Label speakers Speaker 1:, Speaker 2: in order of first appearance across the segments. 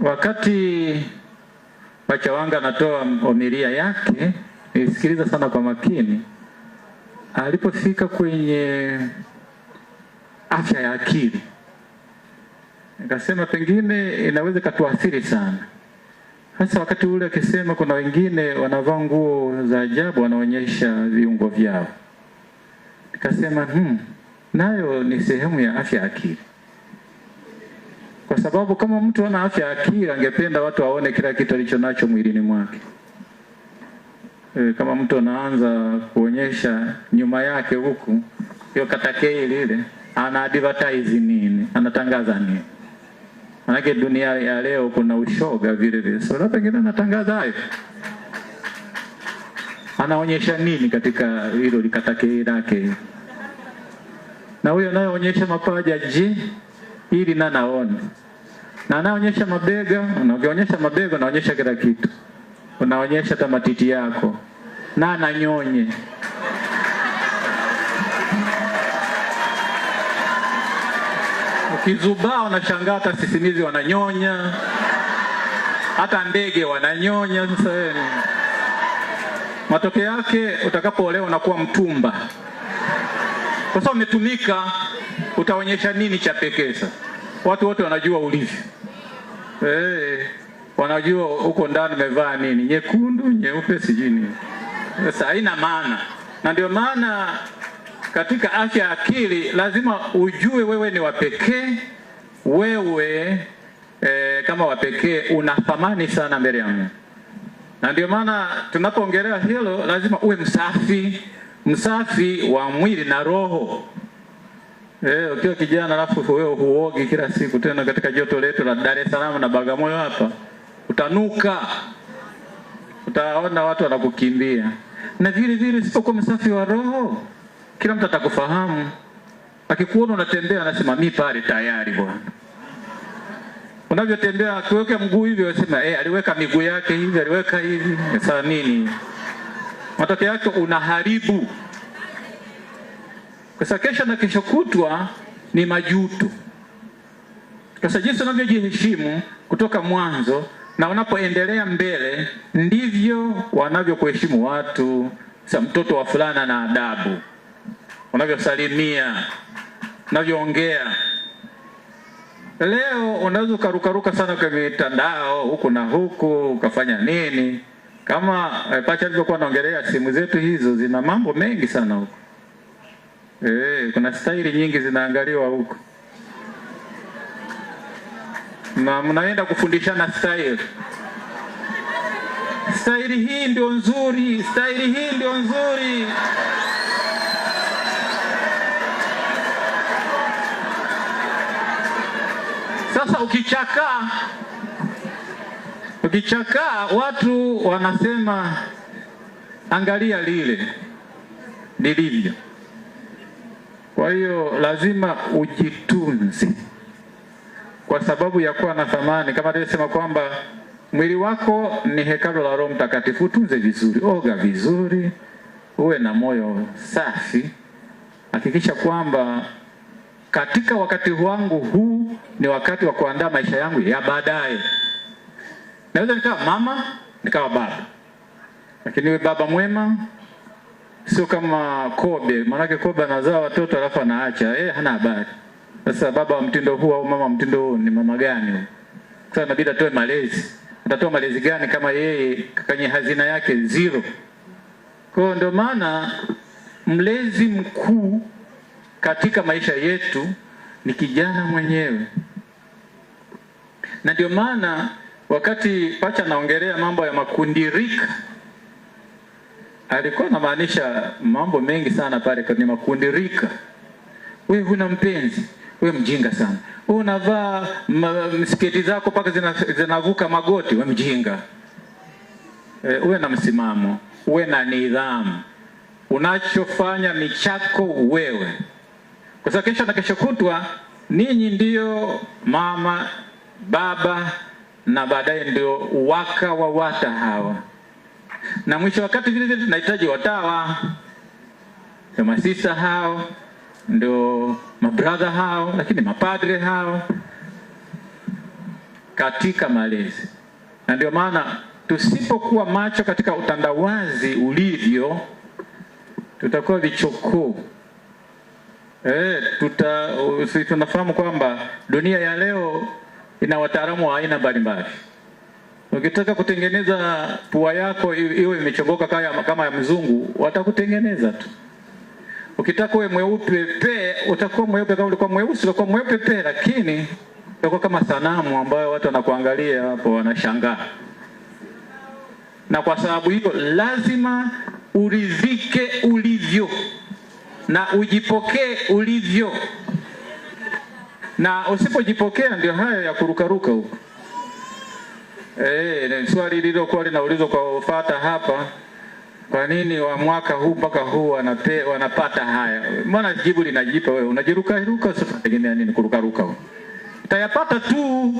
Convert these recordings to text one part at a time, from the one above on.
Speaker 1: Wakati Bachawanga anatoa homilia yake nilisikiliza sana kwa makini. Alipofika kwenye afya ya akili, nikasema pengine inaweza ikatuathiri sana, hasa wakati ule akisema kuna wengine wanavaa nguo za ajabu, wanaonyesha viungo vyao. Nikasema hmm, nayo ni sehemu ya afya ya akili kwa sababu kama mtu ana afya akili angependa watu waone kila kitu alicho nacho mwilini mwake. E, kama mtu anaanza kuonyesha nyuma yake huku hiyo katakei lile, ana advertise nini? Anatangaza nini? Manake dunia ya leo kuna ushoga vile vile, so pengine anatangaza hayo, anaonyesha nini katika hilo likatakei lake, na huyo anayeonyesha mapaja je ili na naone na anaonyesha mabega. Unavyoonyesha mabega, unaonyesha kila kitu, unaonyesha hata matiti yako na ananyonye Ukizubaa unashangaa hata sisimizi wananyonya, hata ndege wananyonya. Sasa wewe matokeo yake utakapoolewa unakuwa mtumba, kwa sababu umetumika utaonyesha nini cha pekee? Sasa watu wote wanajua ulivyo eh, wanajua huko ndani umevaa nini, nyekundu, nyeupe, sijui nini. Sasa haina maana, na ndio maana katika afya ya akili lazima ujue wewe ni wa pekee. Wewe eh, kama wa pekee una thamani sana mbele ya Mungu, na ndio maana tunapoongelea hilo lazima uwe msafi, msafi wa mwili na roho. Eh, ukiwa kijana alafu wewe huogi kila siku tena katika joto letu la Dar es Salaam na Bagamoyo hapa, utanuka. Utaona watu wanakukimbia. Na vile vile usipokuwa msafi wa roho, kila mtu atakufahamu. Akikuona unatembea anasema mimi pale tayari bwana. Unavyotembea akiweka mguu hivi anasema eh, aliweka miguu yake hivi, aliweka hivi. Sasa nini? Matokeo yake unaharibu sasa kesho na kesho kutwa ni majuto. Sasa jinsi unavyojiheshimu kutoka mwanzo na unapoendelea mbele, ndivyo wanavyokuheshimu watu. Sasa mtoto wa fulana na adabu, unavyosalimia, unavyoongea. Leo unaweza ukarukaruka sana kwa mitandao huku na huku, ukafanya nini kama eh, pacha alivyokuwa anaongelea. Simu zetu hizo zina mambo mengi sana huko Eh, kuna staili nyingi zinaangaliwa huko na mnaenda kufundishana staili. Staili hii ndio nzuri, staili hii ndio nzuri. Sasa ukichakaa, ukichakaa watu wanasema angalia lile lilivyo. Kwa hiyo lazima ujitunze kwa sababu ya kuwa na thamani, kama alivyosema kwamba mwili wako ni hekalo la Roho Mtakatifu. Utunze vizuri, oga vizuri, uwe na moyo safi. Hakikisha kwamba katika wakati wangu huu ni wakati wa kuandaa maisha yangu ya baadaye. Naweza nikawa mama, nikawa baba, lakini uwe baba mwema sio kama Kobe, maanake Kobe anazaa watoto alafu anaacha eh, hana habari. Sasa baba wa mtindo huu au mama wa mtindo huu ni mama gani Sasa inabidi atoe malezi, atatoa malezi gani kama yeye kwenye hazina yake zero? Kwa hiyo ndio maana mlezi mkuu katika maisha yetu ni kijana mwenyewe, na ndio maana wakati pacha anaongelea mambo ya makundirika alikuwa anamaanisha mambo mengi sana pale kwenye makundi rika. Wewe huna mpenzi, wewe mjinga sana. Wewe unavaa sketi zako mpaka zina, zinavuka magoti, wewe mjinga. E, uwe na msimamo, uwe na nidhamu. Unachofanya ni chako wewe, kwa sababu kesho na kesho kutwa ninyi ndiyo mama baba na baadaye ndio waka wa wata hawa na mwisho wakati vile vile tunahitaji watawa. Masista hao ndio mabradha hao, lakini mapadre hao katika malezi, na ndio maana tusipokuwa macho katika utandawazi ulivyo, tutakuwa vichokoo eh, tuta, tunafahamu kwamba dunia ya leo ina wataalamu wa aina mbalimbali. Ukitaka kutengeneza pua yako iwe imechogoka kama kama ya mzungu, watakutengeneza tu. Ukitaka uwe mweupe pe, utakuwa mweupe. Kama ulikuwa mweusi, utakuwa mweupe pe, lakini utakuwa kama sanamu ambayo watu wanakuangalia hapo wanashangaa. Na kwa sababu hiyo lazima uridhike ulivyo na ujipokee ulivyo, na usipojipokea ndio haya ya kurukaruka huko. E, swali lililokuwa linaulizwa kwa ufata hapa, kwa nini wa mwaka huu mpaka huu wanapata haya? Mbona jibu linajipa wewe, unajiruka ruka, sasa tegemea nini kurukaruka? Utayapata tu,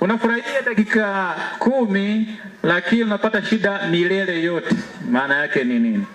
Speaker 1: unafurahia dakika kumi, lakini unapata shida milele yote. Maana yake ni nini?